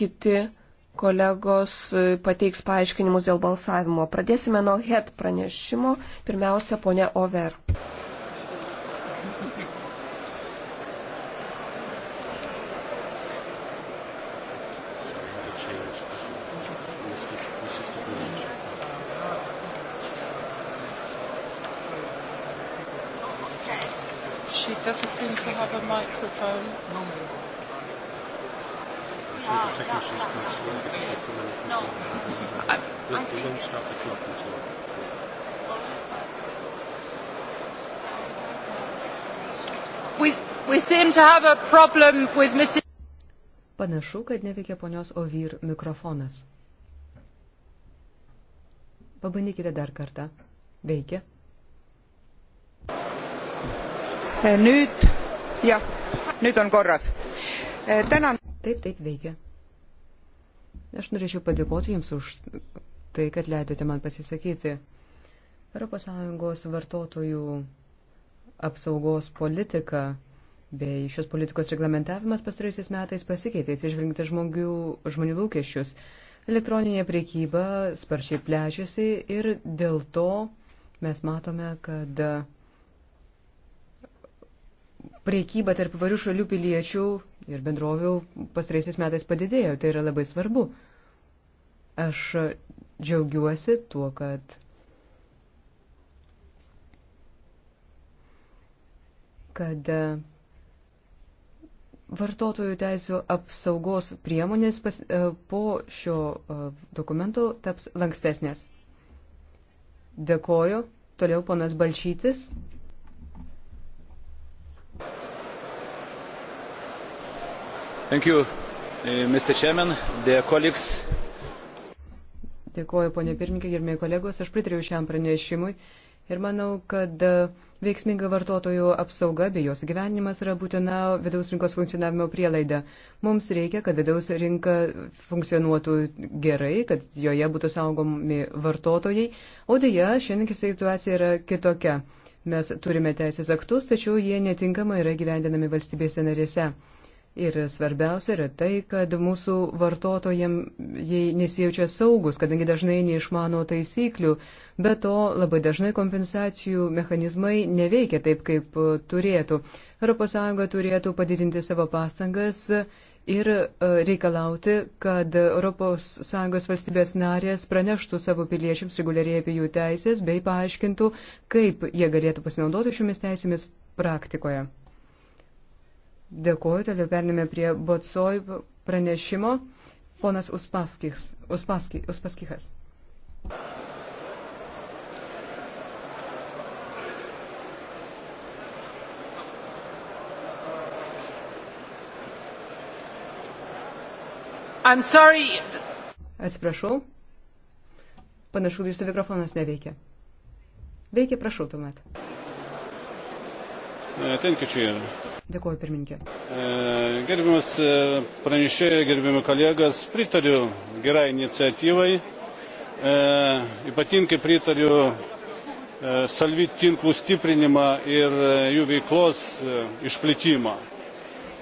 kiti kolegos pateiks paaiškinimus dėl balsavimo. Pradėsime nuo HET pranešimo. Pirmiausia, ponia Over. She doesn't seem to have a microphone. We, we seem to have a problem with Mrs. Panašu, kad neveikia ponios Ovir mikrofonas. Pabandykite dar kartą. Veikia. Nyt, ja, nyt on korras. E, tänan. Taip, taip, veikia. Aš norėčiau padėkoti Jums už tai, kad leidote man pasisakyti. ES vartotojų apsaugos politika bei šios politikos reglamentavimas pastaraisiais metais pasikeitė, atsižvelginti žmogių, žmonių lūkesčius. Elektroninė priekyba sparčiai plečiasi ir dėl to mes matome, kad priekyba tarp varių šalių piliečių ir bendrovių pastaraisiais metais padidėjo. Tai yra labai svarbu. Aš džiaugiuosi tuo, kad kad e, vartotojų teisų apsaugos priemonės pas, e, po šio e, dokumento taps lankstesnės. Dėkoju. Toliau ponas Balčytis. Thank you, Mr. Chairman, dear colleagues. Dėkoju, ponė pirmininkė, gerbėjai kolegos. Aš pritariu šiam pranešimui Ir manau, kad e, veiksminga vartotojų apsauga bei jos gyvenimas yra būtina vidaus rinkos funkcionavimo prielaida. Mums reikia, kad vidaus rinka funkcionuotų gerai, kad joje būtų saugomi vartotojai, o dėja šiandien situacija yra kitokia. Mes turime teisės aktus, tačiau jie netinkamai yra gyvendinami valstybėse narėse. Ir svarbiausia yra tai, kad mūsų vartotojai nesijaučia saugus, kadangi dažnai neišmano taisyklių, bet to labai dažnai kompensacijų mechanizmai neveikia taip, kaip turėtų. ES turėtų padidinti savo pastangas ir e, reikalauti, kad ES valstybės narės praneštų savo piliečiams reguliariai apie jų teisės bei paaiškintų, kaip jie galėtų pasinaudoti šiomis teisėmis praktikoje. Dėkuoju, toliau pernėme prie Botsoj pranešimo. Ponas Uspaskis, Uspaski, Uspaskichas. Atsiprašau. Panašu, jūsų mikrofonas neveikia. Veikia, prašau tuomet. Ten, kad čia yra. Dėkuoju, pirmininkė. E, gerbiamas e, pranešėjai, gerbiami kolegas, pritariu gerai iniciatyvai. E, ypatingai pritariu salvit tinklų stiprinimą ir jų veiklos išplitimą.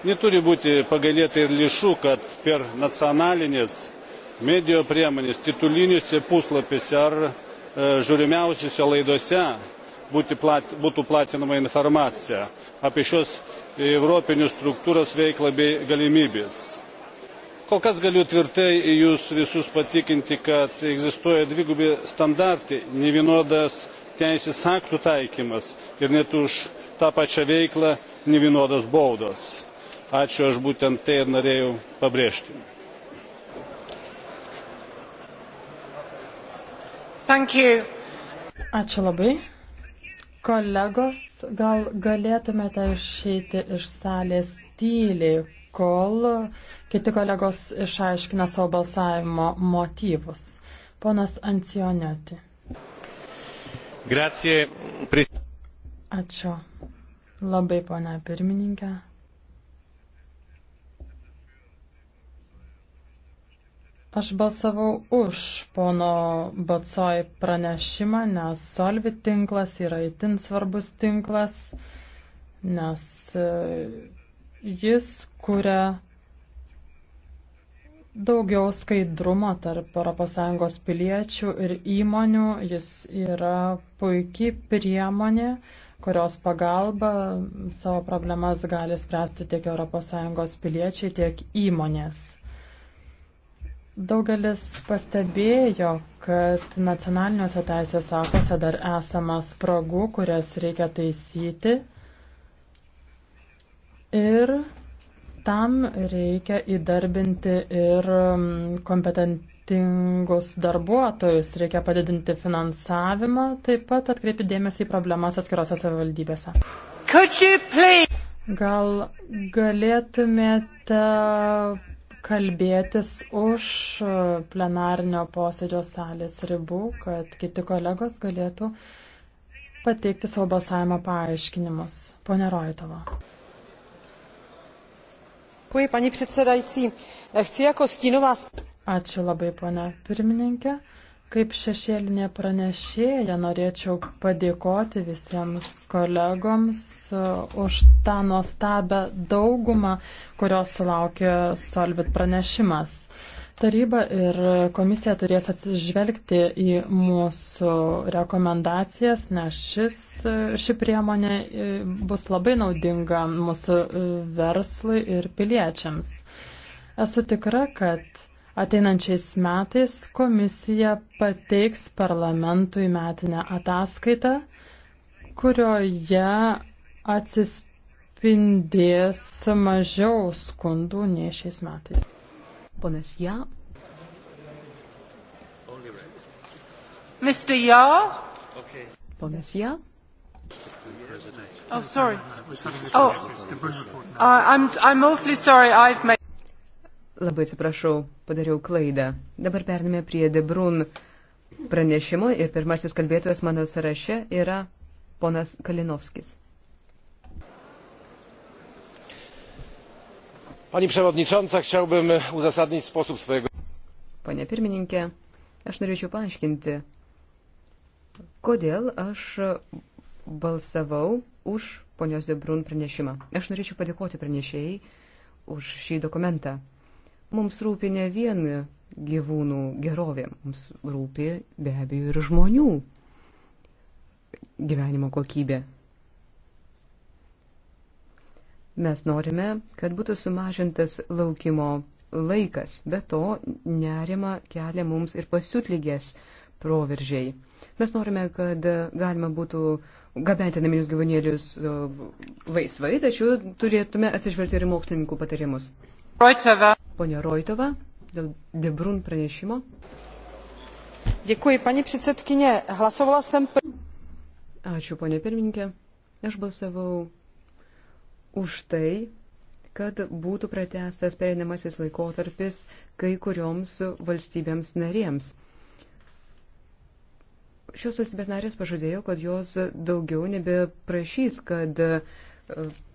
Neturi būti pagalėta ir lišų, kad per nacionalinės medijų priemonės tituliniuose puslapėse ar e, žiūrimiausiuose laidose plat, būtų platinama informacija apie šios Europinių struktūros veiklą bei galimybės. Kol kas galiu tvirtai jūs visus patikinti, kad egzistuoja dvigubi standartai, nevienodas teisės aktų taikymas ir net už tą pačią veiklą nevienodas baudos. Ačiū, aš būtent tai ir norėjau pabrėžti. Ačiū labai. Kolegos, gal galėtumėte išeiti iš salės tyliai, kol kiti kolegos išaiškina savo balsavimo motyvus. Ponas Ancionioti. Grazie. Ačiū. Labai, ponia pirmininkė. Aš balsavau už pono Batsoj pranešimą, nes Solvi tinklas yra itin svarbus tinklas, nes e, jis kuria daugiau skaidrumo tarp ES piliečių ir įmonių. Jis yra puikiai priemonė, kurios pagalba savo problemas gali spręsti tiek ES piliečiai, tiek įmonės. Daugelis pastebėjo, kad nacionaliniuose teisės aktuose dar esama spragų, kurias reikia taisyti. Ir tam reikia įdarbinti ir mm, kompetentingus darbuotojus, reikia padidinti finansavimą, taip pat atkreipti dėmesį į problemas atskirose savivaldybėse. Gal galėtumėte kalbėtis už e, plenarnio posėdžio salės ribų, kad kiti kolegos galėtų pateikti savo balsavimo paaiškinimus. Pone Roitovo. Ačiū labai, pone pirmininkė. Kaip šešėlinė pranešėja norėčiau padėkoti visiems kolegoms e, už tą nuostabę daugumą, kurios sulaukė Solvit pranešimas. Taryba ir komisija turės atsižvelgti į mūsų rekomendacijas, nes šis, ši priemonė e, bus labai naudinga mūsų e, verslui ir piliečiams. Esu tikra, kad Ateinančiais metais komisija pateiks parlamentui metinę ataskaitą, kurioje atsispindės mažiau skundų nei šiais metais. Ponas Ja. Mr. Ja. Okay. Ponas Ja. Oh, sorry. Oh, uh, I'm, I'm awfully sorry. I've made. Labai atsiprašau, padariau klaidą. Dabar pernime prie Debrun pranešimo ir pirmasis kalbėtojas mano sąraše yra ponas Kalinovskis. Pani przewodnicząca, chciałbym uzasadnić sposób swojego. Panie pirmininkė, aš norėčiau paaiškinti, kodėl aš balsavau už ponios Debrun pranešimą. Aš norėčiau padėkoti pranešėjai už šį dokumentą. Mums rūpi ne vien gyvūnų gerovė, mums rūpi be abejo ir žmonių gyvenimo kokybė. Mes norime, kad būtų sumažintas laukimo laikas, bet to nerima kelia mums ir pasiutlygės proveržiai. Mes norime, kad galima būtų gabenti naminius gyvūnėlius uh, laisvai, tačiau turėtume atsižvelgti ir mokslininkų patarimus. Rojcova. Ponia Rojtova, dėl Debrun pranešimo. Dėkui, pani předsedkinė. Hlasovala sem. Ačiū, ponia pirmininkė. Aš balsavau už tai, kad būtų pratestas pereinamasis laikotarpis kai kurioms valstybėms narėms. Šios valstybės narės pažadėjo, kad jos daugiau nebeprašys, kad uh,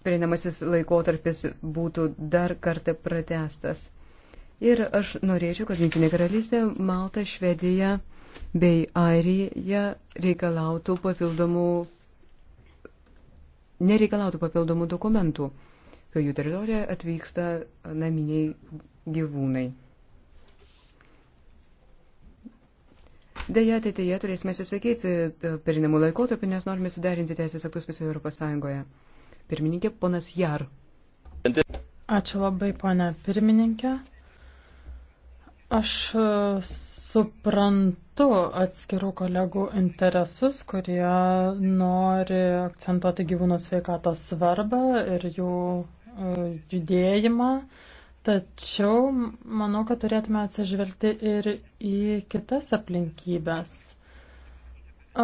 prieinamasis laikotarpis būtų dar kartą pratestas. Ir aš norėčiau, kad Jungtinė karalystė, Malta, Švedija bei Airija reikalautų papildomų, nereikalautų papildomų dokumentų, kai jų teritoriją atvyksta naminiai gyvūnai. Deja, ateityje turėsime atsisakyti perinamų laikotarpį, nes norime suderinti teisės aktus visoje Europos Sąjungoje. Pirmininkė, ponas Jar. Ačiū labai, ponė pirmininkė. Aš e, suprantu atskirų kolegų interesus, kurie nori akcentuoti gyvūnų sveikatos svarbą ir jų e, judėjimą. Tačiau manau, kad turėtume atsižvelgti ir į kitas aplinkybės.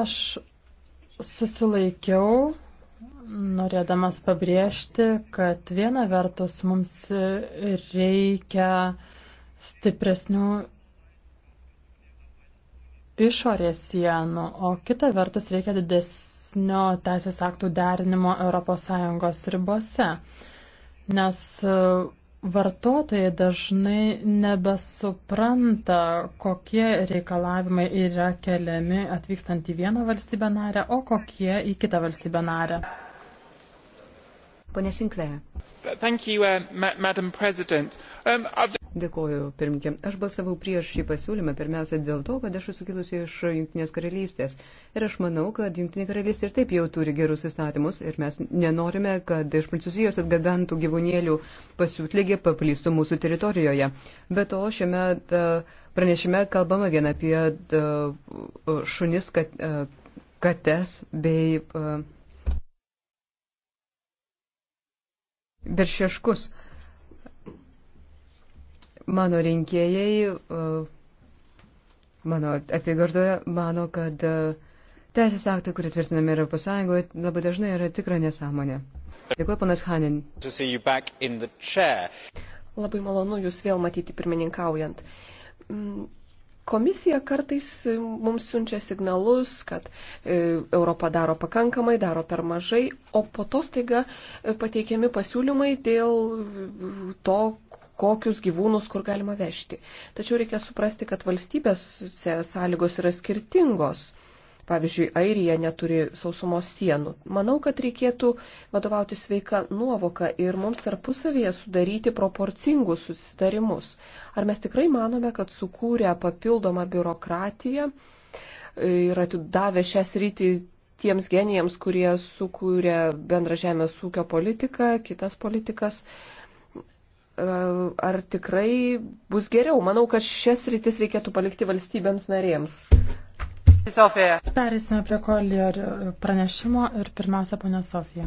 Aš susilaikiau norėdamas pabrėžti, kad viena vertus mums reikia stipresnių išorės sienų, o kita vertus reikia didesnio teisės aktų derinimo ES ribose. Nes Vartotojai dažnai nebesupranta, kokie reikalavimai yra keliami atvykstant į vieną valstybę narę, o kokie į kitą valstybę narę. Pone Sinclair. Thank you, uh, ma Madam President. Um, I've... Dėkoju, pirmininkė. Aš balsavau prieš šį pasiūlymą pirmiausia dėl to, kad aš esu kilusi iš Junktinės karalystės. Ir aš manau, kad Junktinė karalystė ir taip jau turi gerus įstatymus ir mes nenorime, kad iš Prancūzijos atgabentų gyvūnėlių pasiutlygė paplistų mūsų teritorijoje. Be to, šiame pranešime kalbama vien apie šunis, e, kates bei e, beršieškus. Mano rinkėjai, e, mano apygardoje, mano, kad e, teisės aktai, kurie tvirtinami Europos Sąjungoje, labai dažnai yra tikra nesąmonė. Dėkuoju, panas Hanin. Labai malonu Jūs vėl matyti pirmininkaujant. Mm, Komisija kartais e, mums siunčia signalus, kad e, Europa daro pakankamai, daro per mažai, o po to staiga e, pateikiami pasiūlymai dėl to, kokius gyvūnus kur galima vežti. Tačiau reikia suprasti, kad valstybės sąlygos yra skirtingos. Pavyzdžiui, Airija neturi sausumos sienų. Manau, kad reikėtų vadovauti sveika nuovoka ir mums tarpusavėje sudaryti proporcingus susitarimus. Ar mes tikrai manome, kad sukūrę papildomą biurokratiją ir atidavę šią sritį tiems genijams, kurie sukūrė bendrą žemės ūkio politiką, kitas politikas, ar tikrai bus geriau? Manau, kad šias rytis reikėtų palikti valstybėms narėms. Perėsime prie kolier e, pranešimo ir pirmiausia, ponia Sofija.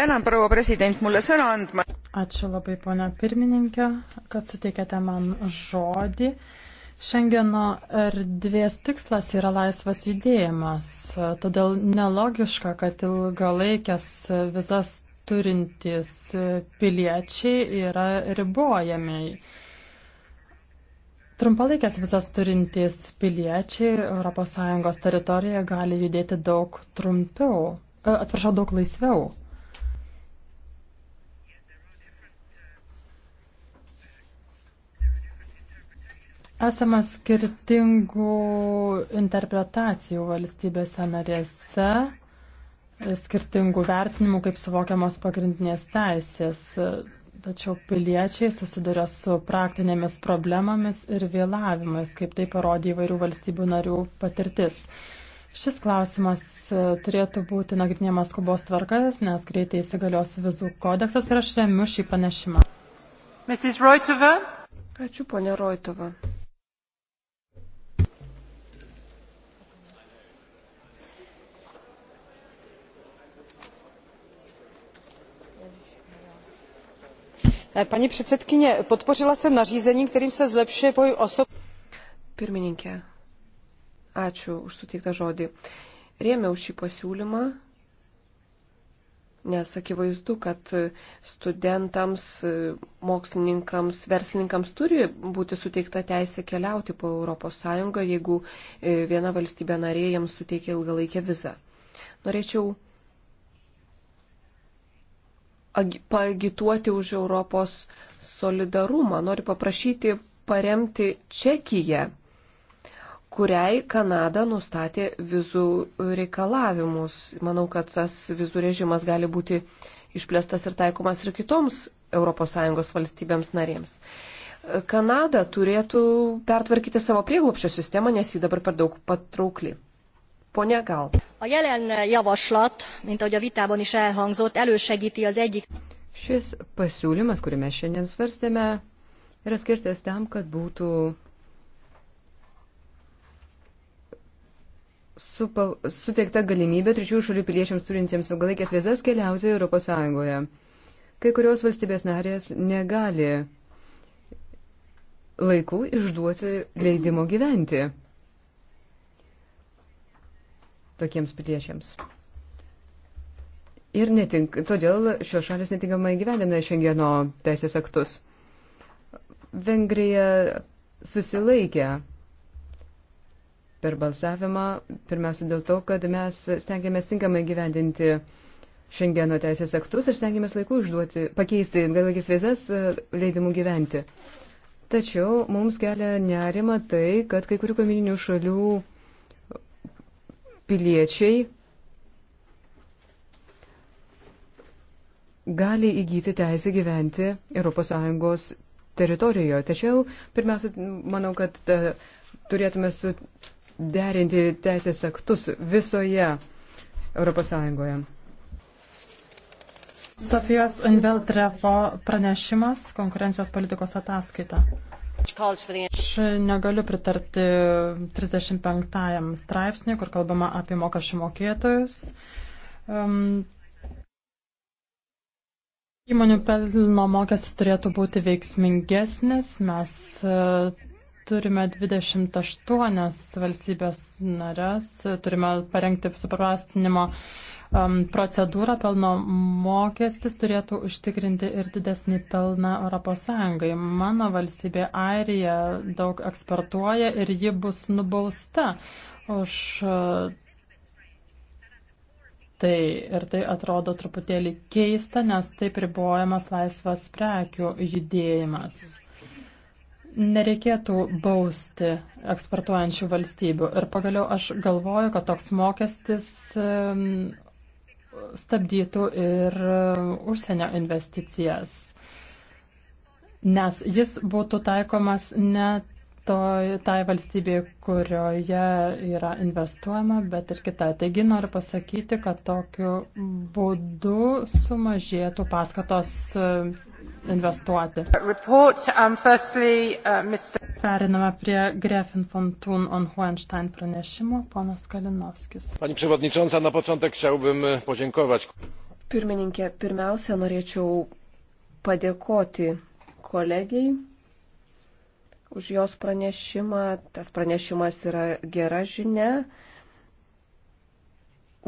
Tänan, proua president, mulle sõna andma. Ačiū labai, ponia pirmininkė, kad suteikėte man žodį. Šengeno erdvės tikslas yra laisvas judėjimas, todėl nelogiška, kad ilgalaikės vizas turintys piliečiai yra ribojami. Trumpalaikės vizas turintys piliečiai ES teritorijoje gali judėti daug trumpiau, e, atsiprašau, daug laisviau. Esama skirtingų interpretacijų valstybėse narėse, skirtingų vertinimų, kaip suvokiamos pagrindinės teisės. Tačiau piliečiai susiduria su praktinėmis problemomis ir vėlavimais, kaip tai parodė įvairių valstybių narių patirtis. Šis klausimas e, turėtų būti nagrinėjamas skubos tvarkas, nes greitai įsigalios vizų kodeksas ir aš remiu šį panešimą. Ačiū, ponė Roitova. Eh, paní předsedkyně podpořila jsem nařízení kterým se zlepšuje boj osob Pirmininkė, ačiū už suteiktą žodį. Rėmiau šį pasiūlymą, nes akivaizdu, kad studentams, mokslininkams, verslininkams turi būti suteikta teisė keliauti po ES, jeigu eh, viena valstybė narė jiems suteikia ilgalaikę vizą. Norėčiau pagituoti už Europos solidarumą. Noriu paprašyti paremti Čekiją, kuriai Kanada nustatė vizų reikalavimus. Manau, kad tas vizų režimas gali būti išplėstas ir taikomas ir kitoms ES valstybėms narėms. Kanada turėtų pertvarkyti savo prieglopščio sistemą, nes ji dabar per daug patraukli. Pone Gal. A jelen javaslat, mint ahogy a vitában is elhangzott, elősegíti az egyik. Šis pasiūlymas, kurį mes šiandien svarstėme, yra skirtas tam, kad būtų supa, suteikta galimybė trečiųjų šalių piliečiams turintiems ilgalaikės vizas keliauti ES. Kai kurios valstybės narės negali laiku išduoti leidimo gyventi tokiems piliečiams. Ir netink, todėl šios šalis netinkamai gyvenina Šengeno teisės aktus. Vengrija susilaikė per balsavimą, pirmiausia dėl to, kad mes stengiamės tinkamai gyvendinti Šengeno teisės aktus ir stengiamės laiku išduoti, pakeisti ilgalaikis vizas e, leidimų gyventi. Tačiau mums kelia nerima tai, kad kai kurių kamininių šalių piliečiai gali įgyti teisę gyventi ES teritorijoje. Tačiau, pirmiausia, manau, kad e, turėtume suderinti teisės aktus visoje ES. Sofijos Inveltrepo pranešimas, konkurencijos politikos ataskaita negaliu pritarti 35 straipsnį, kur kalbama apie mokesčių mokėtojus. Um, įmonių pelno mokestis turėtų būti veiksmingesnis. Mes uh, turime 28 valstybės nares, turime parengti suprastinimo uh, procedūrą, pelno mokestis turėtų užtikrinti ir didesnį pelną ES. Mano valstybė Airija daug eksportuoja ir ji bus nubausta už e, tai. Ir tai atrodo truputėlį keista, nes taip ribojamas laisvas prekių judėjimas nereikėtų bausti eksportuojančių valstybių. Ir pagaliau aš galvoju, kad toks mokestis stabdytų ir užsienio investicijas, nes jis būtų taikomas ne toj, tai valstybėje, kurioje yra investuojama, bet ir kita. Taigi noriu pasakyti, kad tokiu būdu sumažėtų paskatos e, investuoti. Report, um, firstly, uh, Mr. Periname prie Grefin von Thun on Hohenstein pranešimo. Ponas Kalinovskis. Pani Przewodnicząca, na początek chciałbym podziękować. Pirmininkė, pirmiausia, norėčiau padėkoti kolegijai už jos pranešimą. Tas pranešimas yra gera žinia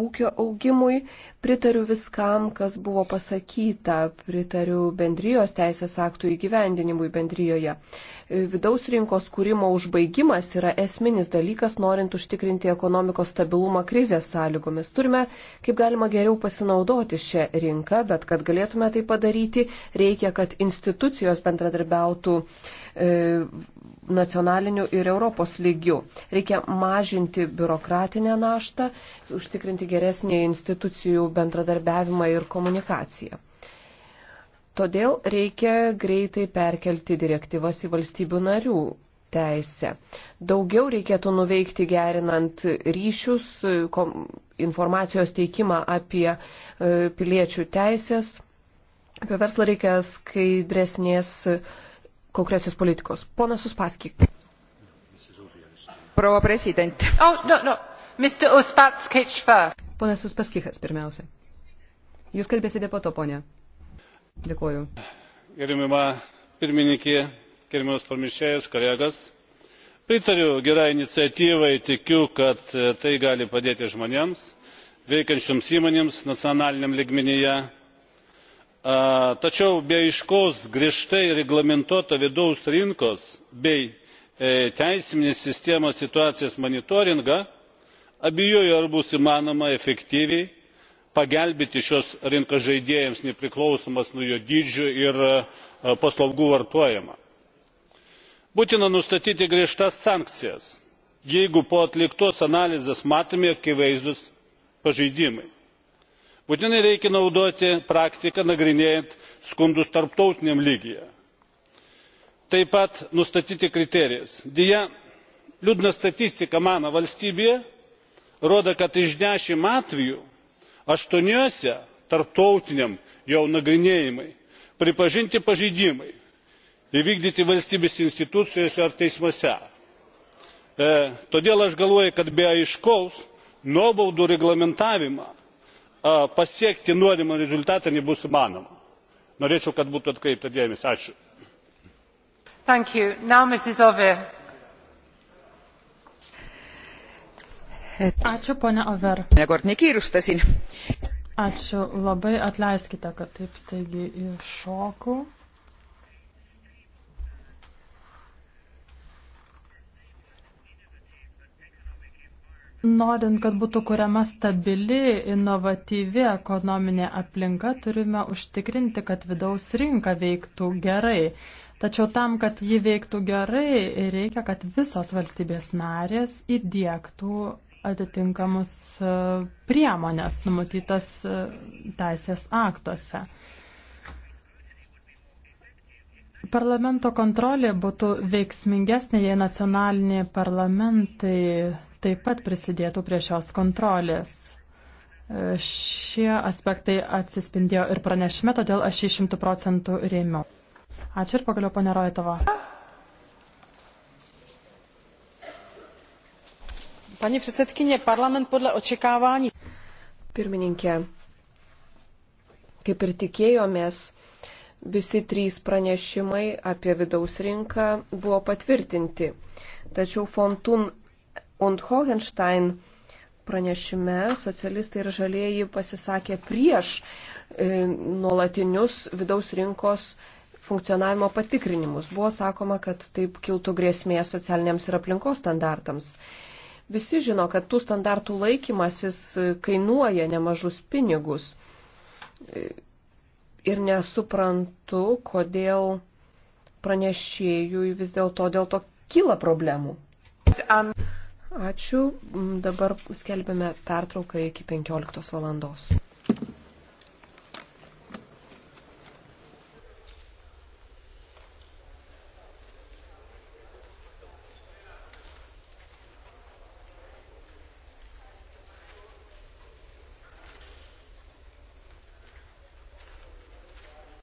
ūkio augimui, pritariu viskam, kas buvo pasakyta, pritariu bendrijos teisės aktų įgyvendinimui bendrijoje vidaus rinkos kūrimo užbaigimas yra esminis dalykas, norint užtikrinti ekonomikos stabilumą krizės sąlygomis. Turime, kaip galima geriau pasinaudoti šią rinką, bet kad galėtume tai padaryti, reikia, kad institucijos bendradarbiautų e, nacionaliniu ir Europos lygiu. Reikia mažinti biurokratinę naštą, užtikrinti geresnį institucijų bendradarbiavimą ir komunikaciją. Todėl reikia greitai perkelti direktyvas į valstybių narių teisę. Daugiau reikėtų nuveikti gerinant ryšius, kom, informacijos teikimą apie e, piliečių teisės. Apie verslą reikia skaidresnės e, konkrečios politikos. Ponas Uspaskik. Provo prezident. Oh, no, no. Mr. Uspaskik. Ponas Uspaskikas pirmiausia. Jūs kalbėsite po to, ponė. Dėkuoju. Gerimima pirmininkė, gerimiaus pamišėjus, kolegas. Pritariu gerai iniciatyvai, tikiu, kad e, tai gali padėti žmonėms, veikiančioms įmonėms nacionaliniam ligmenyje. Tačiau be aiškaus griežtai reglamentuoto vidaus rinkos bei e, teisinės sistemos situacijos monitoringą abejoju ar bus įmanoma efektyviai pagelbėti šios rinkos žaidėjams nepriklausomai nuo jų dydžio ir e, paslaugų vartojimo. būtina nustatyti griežtas sankcijas jeigu po atliktos analizės matomi akivaizdūs pažeidimai. būtinai reikia naudoti praktiką nagrinėjant skundus tarptautiniame lygyje. taip pat nustatyti kriterijus. deja liūdna statistika mano valstybėje rodo kad iš dešimt atvejų aštuoniuose tarptautiniam jau nagrinėjimui pripažinti pažeidimai įvykdyti valstybės institucijose ar teismuose. E, todėl aš galvoju kad be aiškaus nuobaudų reglamentavimo pasiekti norimą rezultatą nebus įmanoma. norėčiau kad būtų atkreipta dėmesį. ačiū. Et... Ačiū, ponia Over. Ačiū labai, atleiskite, kad taip staigiai iššokau. Norint, kad būtų kuriama stabili, inovatyvi ekonominė aplinka, turime užtikrinti, kad vidaus rinka veiktų gerai. Tačiau tam, kad ji veiktų gerai, reikia, kad visos valstybės narės įdėktų atitinkamas e, priemonės numatytas e, teisės aktuose. Parlamento kontrolė būtų veiksmingesnė, jei nacionaliniai parlamentai taip pat prisidėtų prie šios kontrolės. E, šie aspektai atsispindėjo ir pranešime, todėl aš jį šimtų procentų rėmiau. Ačiū ir pagaliau, ponė Roitova. Pani předsedkyně, parlament podle očekávání. Pirmininkė, kaip ir tikėjomės, visi trys pranešimai apie vidaus rinką buvo patvirtinti. Tačiau Fontun und Hohenstein pranešime socialistai ir žalieji pasisakė prieš e, nuolatinius vidaus rinkos funkcionavimo patikrinimus. Buvo sakoma, kad taip kiltų grėsmė socialiniams ir aplinkos standartams. Visi žino, kad tų standartų laikymasis kainuoja nemažus pinigus. Ir nesuprantu, kodėl pranešėjui vis dėlto dėl to kyla problemų. Ačiū. Dabar skelbėme pertrauką iki 15 valandos.